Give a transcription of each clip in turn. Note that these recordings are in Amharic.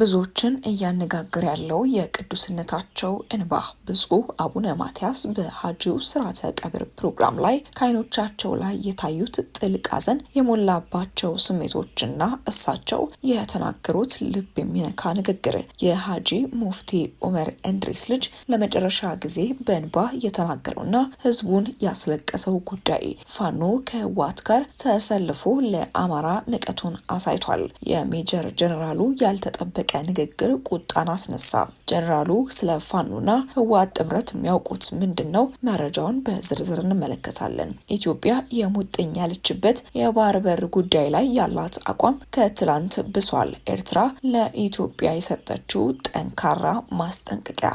ብዙዎችን እያነጋገረ ያለው የቅዱስነታቸው እንባ ብፁዕ አቡነ ማትያስ በሀጂው ስርዓተ ቀብር ፕሮግራም ላይ ከዓይኖቻቸው ላይ የታዩት ጥልቅ ሐዘን የሞላባቸው ስሜቶችና እሳቸው የተናገሩት ልብ የሚነካ ንግግር የሀጂ ሙፍቲ ኡመር እንድሪስ ልጅ ለመጨረሻ ጊዜ በእንባ የተናገረውና ህዝቡን ያስለቀሰው ጉዳይ ፋኖ ከህወሓት ጋር ተሰልፎ ለአማራ ንቀቱን አሳይቷል። የሜጀር ጀነራሉ ያልተጠበቀ የዘለቀ ንግግር ቁጣን አስነሳ። ጀኔራሉ ስለ ፋኖና ህወሓት ጥምረት የሚያውቁት ምንድን ነው? መረጃውን በዝርዝር እንመለከታለን። ኢትዮጵያ የሙጥኝ ያለችበት የባህር በር ጉዳይ ላይ ያላት አቋም ከትላንት ብሷል። ኤርትራ ለኢትዮጵያ የሰጠችው ጠንካራ ማስጠንቀቂያ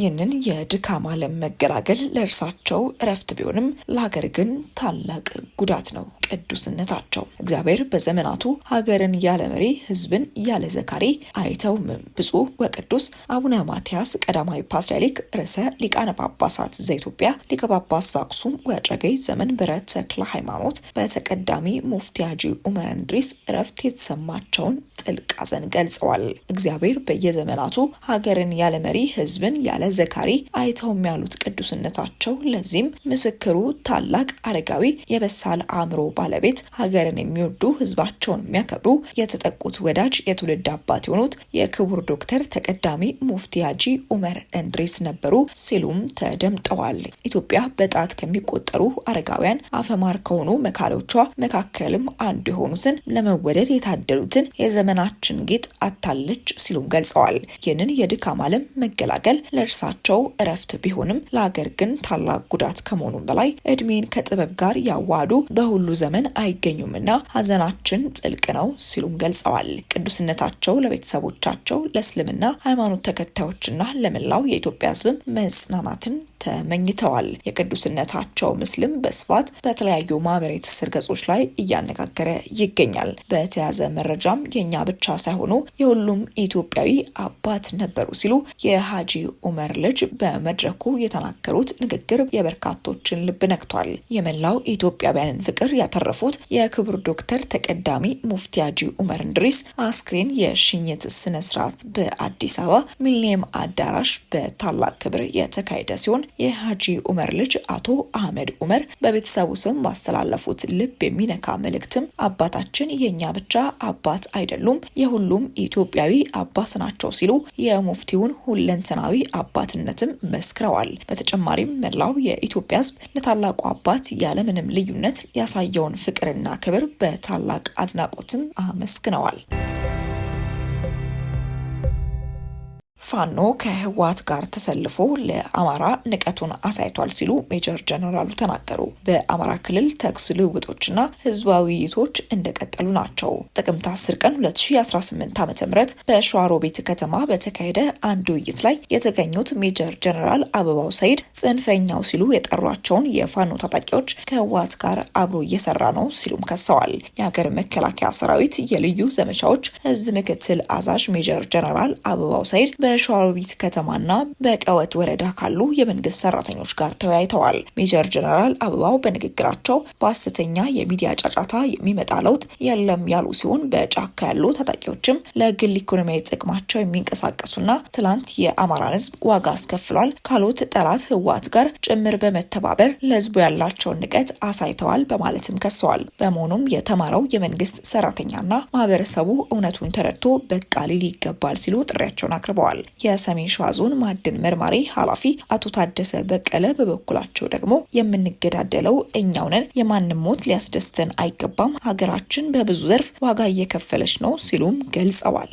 ይህንን የድካም ዓለም መገላገል ለእርሳቸው እረፍት ቢሆንም ለሀገር ግን ታላቅ ጉዳት ነው። ቅዱስነታቸው እግዚአብሔር በዘመናቱ ሀገርን ያለ መሪ፣ ህዝብን ያለ ዘካሪ አይተውም። ብፁዕ ወቅዱስ አቡነ ማትያስ ቀዳማዊ ፓትርያርክ ርዕሰ ሊቃነ ጳጳሳት ዘኢትዮጵያ ሊቀ ጳጳስ ዘአክሱም ወዕጨጌ ዘመንበረ ተክለ ሃይማኖት በተቀዳሚ ሙፍቲ ሐጂ ዑመር እንድሪስ እረፍት የተሰማቸውን ጥልቅ ሐዘን ገልጸዋል። እግዚአብሔር በየዘመናቱ ሀገርን ያለ መሪ፣ ህዝብን ያለ ዘካሪ አይተውም ያሉት ቅዱስነታቸው ለዚህም ምስክሩ ታላቅ አረጋዊ፣ የበሳል አእምሮ ባለቤት፣ ሀገርን የሚወዱ ህዝባቸውን የሚያከብሩ የተጠቁት ወዳጅ፣ የትውልድ አባት የሆኑት የክቡር ዶክተር ተቀዳሚ ሙፍቲ ሀጂ ኡመር እንድሪስ ነበሩ ሲሉም ተደምጠዋል። ኢትዮጵያ በጣት ከሚቆጠሩ አረጋውያን አፈማር ከሆኑ መካሪዎቿ መካከልም አንዱ የሆኑትን ለመወደድ የታደሉትን የዘመ የዘመናችን ጌጥ አታለች ሲሉም ገልጸዋል። ይህንን የድካም ዓለም መገላገል ለእርሳቸው እረፍት ቢሆንም ለሀገር ግን ታላቅ ጉዳት ከመሆኑም በላይ እድሜን ከጥበብ ጋር ያዋሃዱ በሁሉ ዘመን አይገኙምና ሀዘናችን ጥልቅ ነው ሲሉም ገልጸዋል። ቅዱስነታቸው ለቤተሰቦቻቸው፣ ለእስልምና ሃይማኖት ተከታዮችና ለመላው የኢትዮጵያ ሕዝብም መጽናናትን ተመኝተዋል። የቅዱስነታቸው ምስልም በስፋት በተለያዩ ማህበራዊ ትስስር ገጾች ላይ እያነጋገረ ይገኛል። በተያዘ መረጃም የእኛ ብቻ ሳይሆኑ የሁሉም ኢትዮጵያዊ አባት ነበሩ ሲሉ የሀጂ ኡመር ልጅ በመድረኩ የተናገሩት ንግግር የበርካቶችን ልብ ነክቷል። የመላው ኢትዮጵያውያንን ፍቅር ያተረፉት የክቡር ዶክተር ተቀዳሚ ሙፍቲ ሀጂ ኡመር እንድሪስ አስክሬን የሽኝት ስነስርዓት በአዲስ አበባ ሚሊኒየም አዳራሽ በታላቅ ክብር የተካሄደ ሲሆን የሃጂ ኡመር ልጅ አቶ አህመድ ኡመር በቤተሰቡ ስም ባስተላለፉት ልብ የሚነካ መልእክትም አባታችን የእኛ ብቻ አባት አይደሉም፣ የሁሉም ኢትዮጵያዊ አባት ናቸው ሲሉ የሙፍቲውን ሁለንተናዊ አባትነትም መስክረዋል። በተጨማሪም መላው የኢትዮጵያ ሕዝብ ለታላቁ አባት ያለምንም ልዩነት ያሳየውን ፍቅርና ክብር በታላቅ አድናቆትም አመስግነዋል። ፋኖ ከህወሓት ጋር ተሰልፎ ለአማራ ንቀቱን አሳይቷል ሲሉ ሜጀር ጀነራሉ ተናገሩ። በአማራ ክልል ተኩስ ልውውጦችና ህዝባዊ ውይይቶች እንደቀጠሉ ናቸው። ጥቅምት 10 ቀን 2018 ዓ ም ቤት ከተማ በተካሄደ አንድ ውይይት ላይ የተገኙት ሜጀር ጀነራል አበባው ሰይድ ጽንፈኛው ሲሉ የጠሯቸውን የፋኖ ታጣቂዎች ከህወሓት ጋር አብሮ እየሰራ ነው ሲሉም ከሰዋል። የሀገር መከላከያ ሰራዊት የልዩ ዘመቻዎች እዝ ምክትል አዛዥ ሜጀር ጀነራል አበባው ሰይድ በ በሸዋሮቢት ከተማና በቀወት ወረዳ ካሉ የመንግስት ሰራተኞች ጋር ተወያይተዋል። ሜጀር ጀነራል አበባው በንግግራቸው በአስተኛ የሚዲያ ጫጫታ የሚመጣ ለውጥ የለም ያሉ ሲሆን በጫካ ያሉ ታጣቂዎችም ለግል ኢኮኖሚያዊ ጥቅማቸው የሚንቀሳቀሱና ትላንት የአማራን ህዝብ ዋጋ አስከፍሏል ካሉት ጠላት ህወሓት ጋር ጭምር በመተባበር ለህዝቡ ያላቸውን ንቀት አሳይተዋል በማለትም ከሰዋል። በመሆኑም የተማረው የመንግስት ሰራተኛና ማህበረሰቡ እውነቱን ተረድቶ በቃ ሊል ይገባል ሲሉ ጥሪያቸውን አቅርበዋል። ተናግረዋል። የሰሜን ሸዋ ዞን ማዕድን መርማሪ ኃላፊ አቶ ታደሰ በቀለ በበኩላቸው ደግሞ የምንገዳደለው እኛው ነን፣ የማንም ሞት ሊያስደስተን አይገባም፣ ሀገራችን በብዙ ዘርፍ ዋጋ እየከፈለች ነው ሲሉም ገልጸዋል።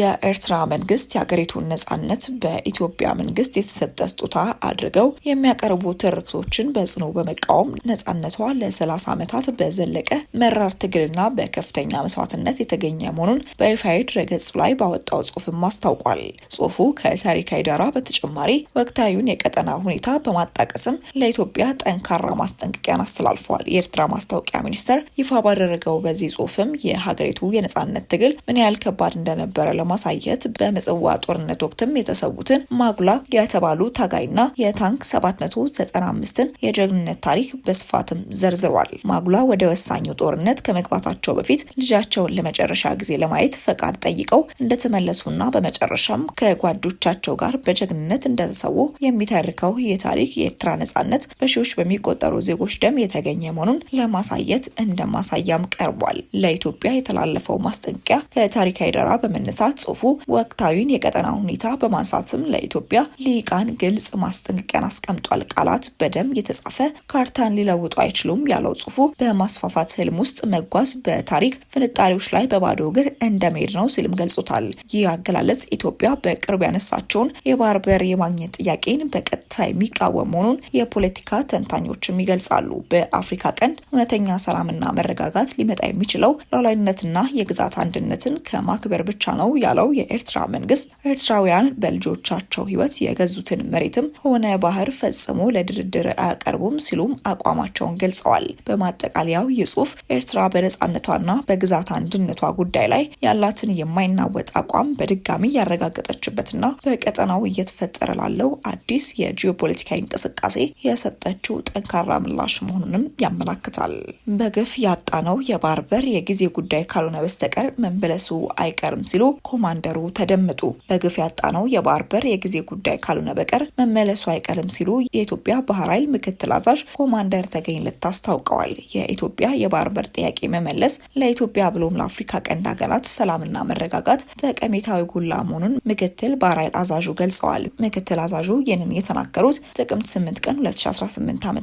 የኤርትራ መንግስት የሀገሪቱን ነጻነት በኢትዮጵያ መንግስት የተሰጠ ስጦታ አድርገው የሚያቀርቡ ትርክቶችን በጽኑ በመቃወም ነጻነቷ ለሰላሳ ዓመታት በዘለቀ መራር ትግልና በከፍተኛ መስዋዕትነት የተገኘ መሆኑን በይፋዊ ድረገጽ ላይ ባወጣው ጽሁፍም አስታውቋል። ጽሁፉ ከታሪካዊ ዳራ በተጨማሪ ወቅታዊውን የቀጠና ሁኔታ በማጣቀስም ለኢትዮጵያ ጠንካራ ማስጠንቀቂያን አስተላልፏል። የኤርትራ ማስታወቂያ ሚኒስቴር ይፋ ባደረገው በዚህ ጽሁፍም የሀገሪቱ የነጻነት ትግል ምን ያህል ከባድ እንደነበረ በማሳየት በምጽዋ ጦርነት ወቅትም የተሰዉትን ማጉላ የተባሉ ታጋይና የታንክ 795ን የጀግንነት ታሪክ በስፋትም ዘርዝሯል። ማጉላ ወደ ወሳኙ ጦርነት ከመግባታቸው በፊት ልጃቸውን ለመጨረሻ ጊዜ ለማየት ፈቃድ ጠይቀው እንደተመለሱና በመጨረሻም ከጓዶቻቸው ጋር በጀግንነት እንደተሰዉ የሚተርከው ይህ ታሪክ የኤርትራ ነጻነት በሺዎች በሚቆጠሩ ዜጎች ደም የተገኘ መሆኑን ለማሳየት እንደማሳያም ቀርቧል። ለኢትዮጵያ የተላለፈው ማስጠንቀቂያ ከታሪካዊ ዳራ በመነሳት የጥናት ጽሁፉ ወቅታዊን የቀጠና ሁኔታ በማንሳትም ለኢትዮጵያ ሊቃን ግልጽ ማስጠንቀቂያን አስቀምጧል። ቃላት በደም የተጻፈ ካርታን ሊለውጡ አይችሉም ያለው ጽሁፉ በማስፋፋት ህልም ውስጥ መጓዝ በታሪክ ፍንጣሪዎች ላይ በባዶ እግር እንደመሄድ ነው ሲልም ገልጾታል። ይህ አገላለጽ ኢትዮጵያ በቅርብ ያነሳቸውን የባህር በር የማግኘት ጥያቄን በቀጥታ የሚቃወም መሆኑን የፖለቲካ ተንታኞችም ይገልጻሉ። በአፍሪካ ቀንድ እውነተኛ ሰላምና መረጋጋት ሊመጣ የሚችለው ሉዓላዊነትና የግዛት አንድነትን ከማክበር ብቻ ነው ያለው የኤርትራ መንግስት ኤርትራውያን በልጆቻቸው ህይወት የገዙትን መሬትም ሆነ ባህር ፈጽሞ ለድርድር አያቀርቡም ሲሉም አቋማቸውን ገልጸዋል። በማጠቃለያው ይህ ጽሁፍ ኤርትራ በነጻነቷና በግዛት አንድነቷ ጉዳይ ላይ ያላትን የማይናወጥ አቋም በድጋሚ ያረጋገጠችበትና በቀጠናው እየተፈጠረ ላለው አዲስ የጂኦፖለቲካዊ እንቅስቃሴ የሰጠችው ጠንካራ ምላሽ መሆኑንም ያመላክታል። በግፍ ያጣነው የባርበር የጊዜ ጉዳይ ካልሆነ በስተቀር መመለሱ አይቀርም ሲሉ ኮማንደሩ ተደምጡ። በግፍ ያጣነው የባህር በር የጊዜ ጉዳይ ካልሆነ በቀር መመለሱ አይቀርም ሲሉ የኢትዮጵያ ባህር ኃይል ምክትል አዛዥ ኮማንደር ተገኝ ልታ አስታውቀዋል። የኢትዮጵያ የባህር በር ጥያቄ መመለስ ለኢትዮጵያ ብሎም ለአፍሪካ ቀንድ ሀገራት ሰላምና መረጋጋት ጠቀሜታዊ ጎላ መሆኑን ምክትል ባህር ኃይል አዛዡ ገልጸዋል። ምክትል አዛዡ ይህንን የተናገሩት ጥቅምት 8 ቀን 2018 ዓ ም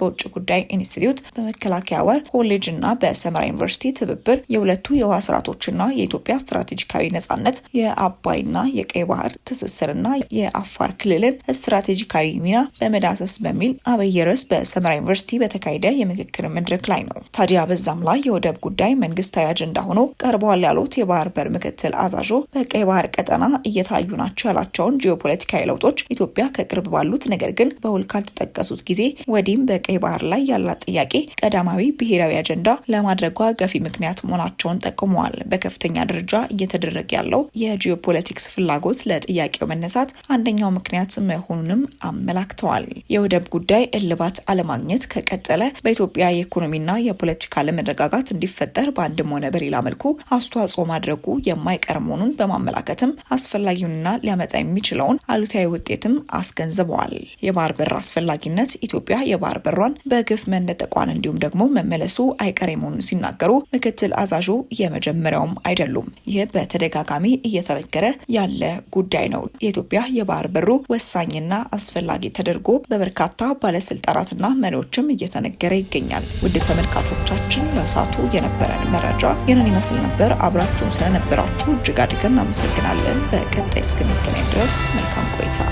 በውጭ ጉዳይ ኢንስቲትዩት በመከላከያ ወር ኮሌጅ እና በሰመራ ዩኒቨርሲቲ ትብብር የሁለቱ የውሃ ስርዓቶችና የኢትዮጵያ ስትራቴጂካዊ ነጻነት የአባይና የቀይ ባህር ትስስርና የአፋር ክልልን ስትራቴጂካዊ ሚና በመዳሰስ በሚል አብይ ርዕስ በሰመራ ዩኒቨርሲቲ በተካሄደ የምክክር መድረክ ላይ ነው። ታዲያ በዛም ላይ የወደብ ጉዳይ መንግስታዊ አጀንዳ ሆኖ ቀርበዋል ያሉት የባህር በር ምክትል አዛዦ በቀይ ባህር ቀጠና እየታዩ ናቸው ያላቸውን ጂኦፖለቲካዊ ለውጦች ኢትዮጵያ ከቅርብ ባሉት ነገር ግን በውል ካልተጠቀሱት ጊዜ ወዲህም በቀይ ባህር ላይ ያላት ጥያቄ ቀዳማዊ ብሔራዊ አጀንዳ ለማድረጓ ገፊ ምክንያት መሆናቸውን ጠቁመዋል። በከፍተኛ ደረጃ እየተደረገ ያለው የጂኦፖለቲክስ ፍላጎት ለጥያቄው መነሳት አንደኛው ምክንያት መሆኑንም አመላክተዋል። የወደብ ጉዳይ እልባት አለማግኘት ከቀጠለ በኢትዮጵያ የኢኮኖሚና የፖለቲካ አለመረጋጋት እንዲፈጠር በአንድም ሆነ በሌላ መልኩ አስተዋጽኦ ማድረጉ የማይቀር መሆኑን በማመላከትም አስፈላጊውንና ሊያመጣ የሚችለውን አሉታዊ ውጤትም አስገንዝበዋል። የባህር በር አስፈላጊነት ኢትዮጵያ የባህር በሯን በግፍ መነጠቋን እንዲሁም ደግሞ መመለሱ አይቀሬ መሆኑን ሲናገሩ ምክትል አዛዡ የመጀመሪያውም አይደሉም። ይህ በተደጋ በተደጋጋሚ እየተነገረ ያለ ጉዳይ ነው። የኢትዮጵያ የባህር በሩ ወሳኝና አስፈላጊ ተደርጎ በበርካታ ባለስልጣናትና መሪዎችም እየተነገረ ይገኛል። ውድ ተመልካቾቻችን ለሳቱ የነበረን መረጃ ይህንን ይመስል ነበር። አብራችሁን ስለነበራችሁ እጅግ አድርገን እናመሰግናለን። በቀጣይ እስክንገናኝ ድረስ መልካም ቆይታ